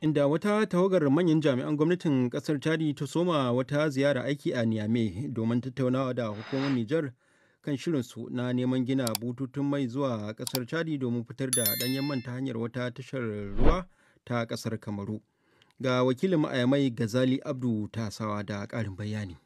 inda wata tawagar manyan jami'an gwamnatin kasar chadi ta soma wata ziyara aiki a niamey domin tattaunawa da hukumar nijar kan shirinsu na neman gina bututun mai zuwa kasar chadi domin fitar da danyen man ta hanyar wata tashar ruwa ta kasar kamaru ga wakilin ma'ayamai gazali abdu tasawa da ƙarin bayani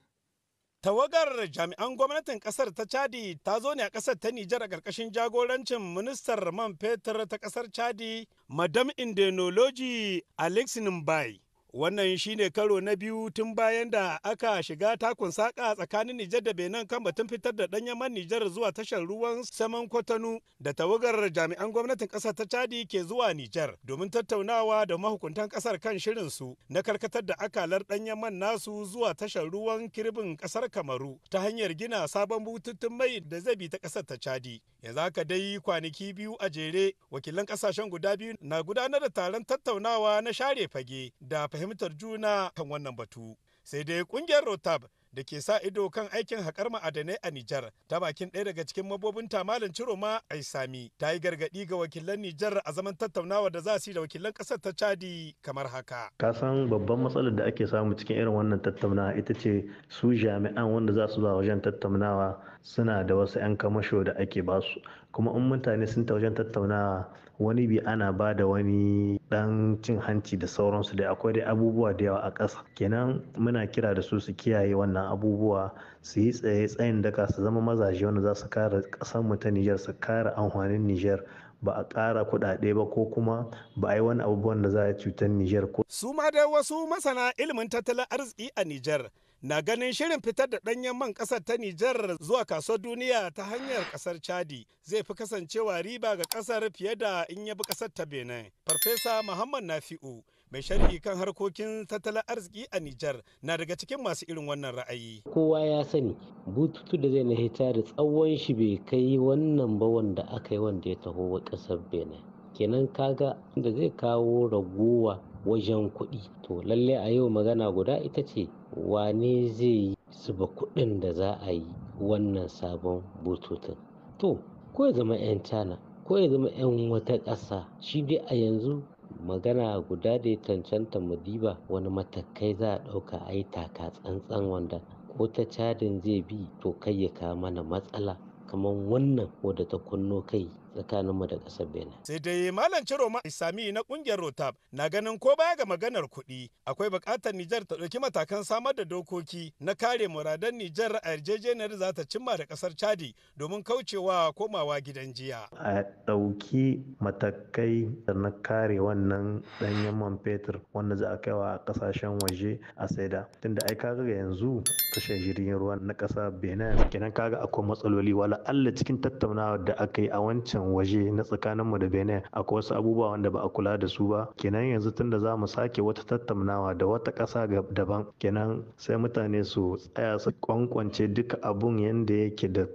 Tawagar jami'an gwamnatin kasar ta Chadi ta zo ne a kasar ta Nijar a ƙarƙashin jagorancin ministar man fetur ta kasar Chadi, Madam Indenology Alex Nimbai. Wannan shine karo na biyu tun bayan da aka shiga takun saƙa tsakanin Nijar da Benin kan batun fitar da ɗan yaman Nijar zuwa tashar ruwan saman Kwatano da tawagar jami'an gwamnatin ƙasar ta Chadi ke zuwa Nijar domin tattaunawa da mahukuntan ƙasar kan shirin su na karkatar da akalar ɗan yaman nasu zuwa tashar ruwan kirbin ƙasar Kamaru ta hanyar gina sabon bututun mai da zai bi ta ƙasar ta Chadi. Yanzu haka dai kwanaki biyu a jere wakilan ƙasashen guda biyu na gudanar da taron tattaunawa na share fage da fahimtar fahimtar juna kan wannan batu sai dai kungiyar rotab da ke sa ido kan aikin haƙar ma'adanai a Nijar ta bakin ɗaya daga cikin mabobin tamalin Ciroma sami ta yi gargaɗi ga wakilan Nijar a zaman tattaunawa da za su yi da wakilan ƙasar ta Chadi kamar haka. Ka san babban matsalar da ake samu cikin irin wannan tattaunawa ita ce su jami'an wanda za su zuwa wajen tattaunawa suna da wasu 'yan kamasho da ake basu kuma in mutane sun ta wajen tattaunawa wani bi ana ba da wani dan cin hanci da sauransu da akwai dai abubuwa da yawa a ƙasa kenan muna kira da su su kiyaye wannan abubuwa su yi tsaye tsayin daka su zama mazaje wanda za su kare ƙasar mu ta Nijar su kare amfanin Nijar ba a ƙara kuɗaɗe ba ko kuma ba a yi wani abubuwan da za a cutar Nijar ko. Su ma dai wasu masana ilimin tattalin arziki a Nijar na ganin shirin fitar da ɗanyen man ƙasar ta Nijar zuwa kasuwar duniya ta hanyar ƙasar Chadi zai fi kasancewa riba ga ƙasar fiye da in yabi kasar ta Benin. Farfesa Muhammad Nafi'u mai sharhi kan harkokin tattalin arziki a Nijar na daga cikin masu irin wannan ra'ayi. Kowa ya sani bututu da zai na hita da tsawon shi bai kai wannan ba wanda aka yi wanda ya taho wa ƙasar Benin. Kenan kaga da zai kawo raguwa wajen kuɗi. To lallai a yau magana guda ita ce wane zai yi zuba kuɗin da za a yi wannan sabon bututun. To ko ya zama 'yan China ko ya zama 'yan wata ƙasa shi dai a yanzu magana guda da ya cancanta mu diba wani matakai za a ɗauka a yi taka tsantsan wanda ko ta cadin zai bi to kai ya kawo mana matsala kamar wannan wadda ta kunno kai tsakaninmu da ƙasar benin sai dai malam ciroma isami na ƙungiyar rotab na ganin ko baya ga maganar kuɗi akwai buƙatar nijar ta ɗauki matakan samar da dokoki na kare muradan nijar a yarjejeniyar za ta cimma da ƙasar chadi domin kaucewa komawa gidan jiya a ɗauki matakai da na kare wannan danyen man fetur wanda za a kai wa ƙasashen waje a saida tunda ai kaga yanzu tashar jirgin ruwa na kasa benin kenan kaga akwai matsaloli wala allah cikin tattaunawa da aka yi a wancan wannan waje na tsakanin mu da benin akwai wasu abubuwa wanda ba a kula da su ba kenan yanzu tunda za mu sake wata tattaunawa da wata ƙasa daban kenan sai mutane su tsaya su kwankwance duka abun yadda yake da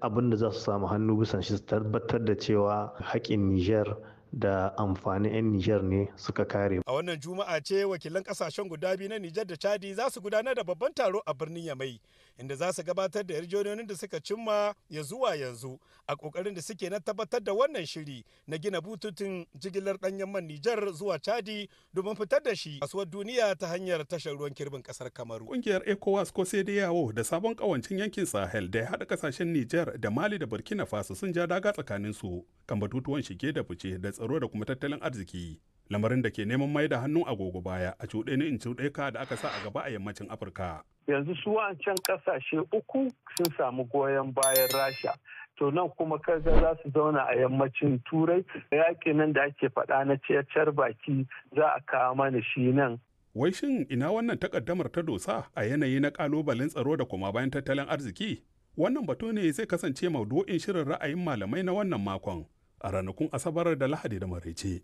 abin da za su samu hannu bisan shi su tabbatar da cewa haƙƙin niger da amfanin 'yan Nijar ne suka kare. A wannan juma'a ce wakilan kasashen guda biyu na Nijar da Chadi za su gudanar da babban taro a birnin Yamai inda za su gabatar da yarjejeniyoyin da suka cimma ya zuwa yanzu a kokarin da suke na tabbatar da wannan shiri na gina bututun jigilar danyen man Nijar zuwa Chadi domin fitar da shi kasuwar duniya ta hanyar tashar ruwan kirbin kasar Kamaru. Kungiyar ECOWAS ko sai yawo da sabon kawancin yankin Sahel da ya hada kasashen Nijar da Mali da Burkina Faso sun ja daga tsakanin su kan batutuwan shige da fice da tsaro da kuma tattalin arziki. lamarin da ke neman mai da hannun agogo baya a cuɗe ne in cuɗe ka da aka sa a gaba a yammacin afirka yanzu su wancan ƙasashe uku sun samu goyon bayan rasha to nan kuma kaga za su zauna a yammacin turai yaƙi nan da ake faɗa na ciyar baki za a kawo mana shi nan wai shin ina wannan takaddamar ta dosa a yanayi na ƙalubalen tsaro da kuma bayan tattalin arziki wannan batu ne zai kasance maudu'in shirin ra'ayin malamai na wannan makon a ranakun asabar da lahadi da maraice.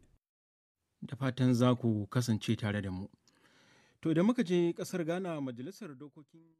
da fatan za ku kasance tare da mu. To, da muka je ƙasar Ghana majalisar dokokin.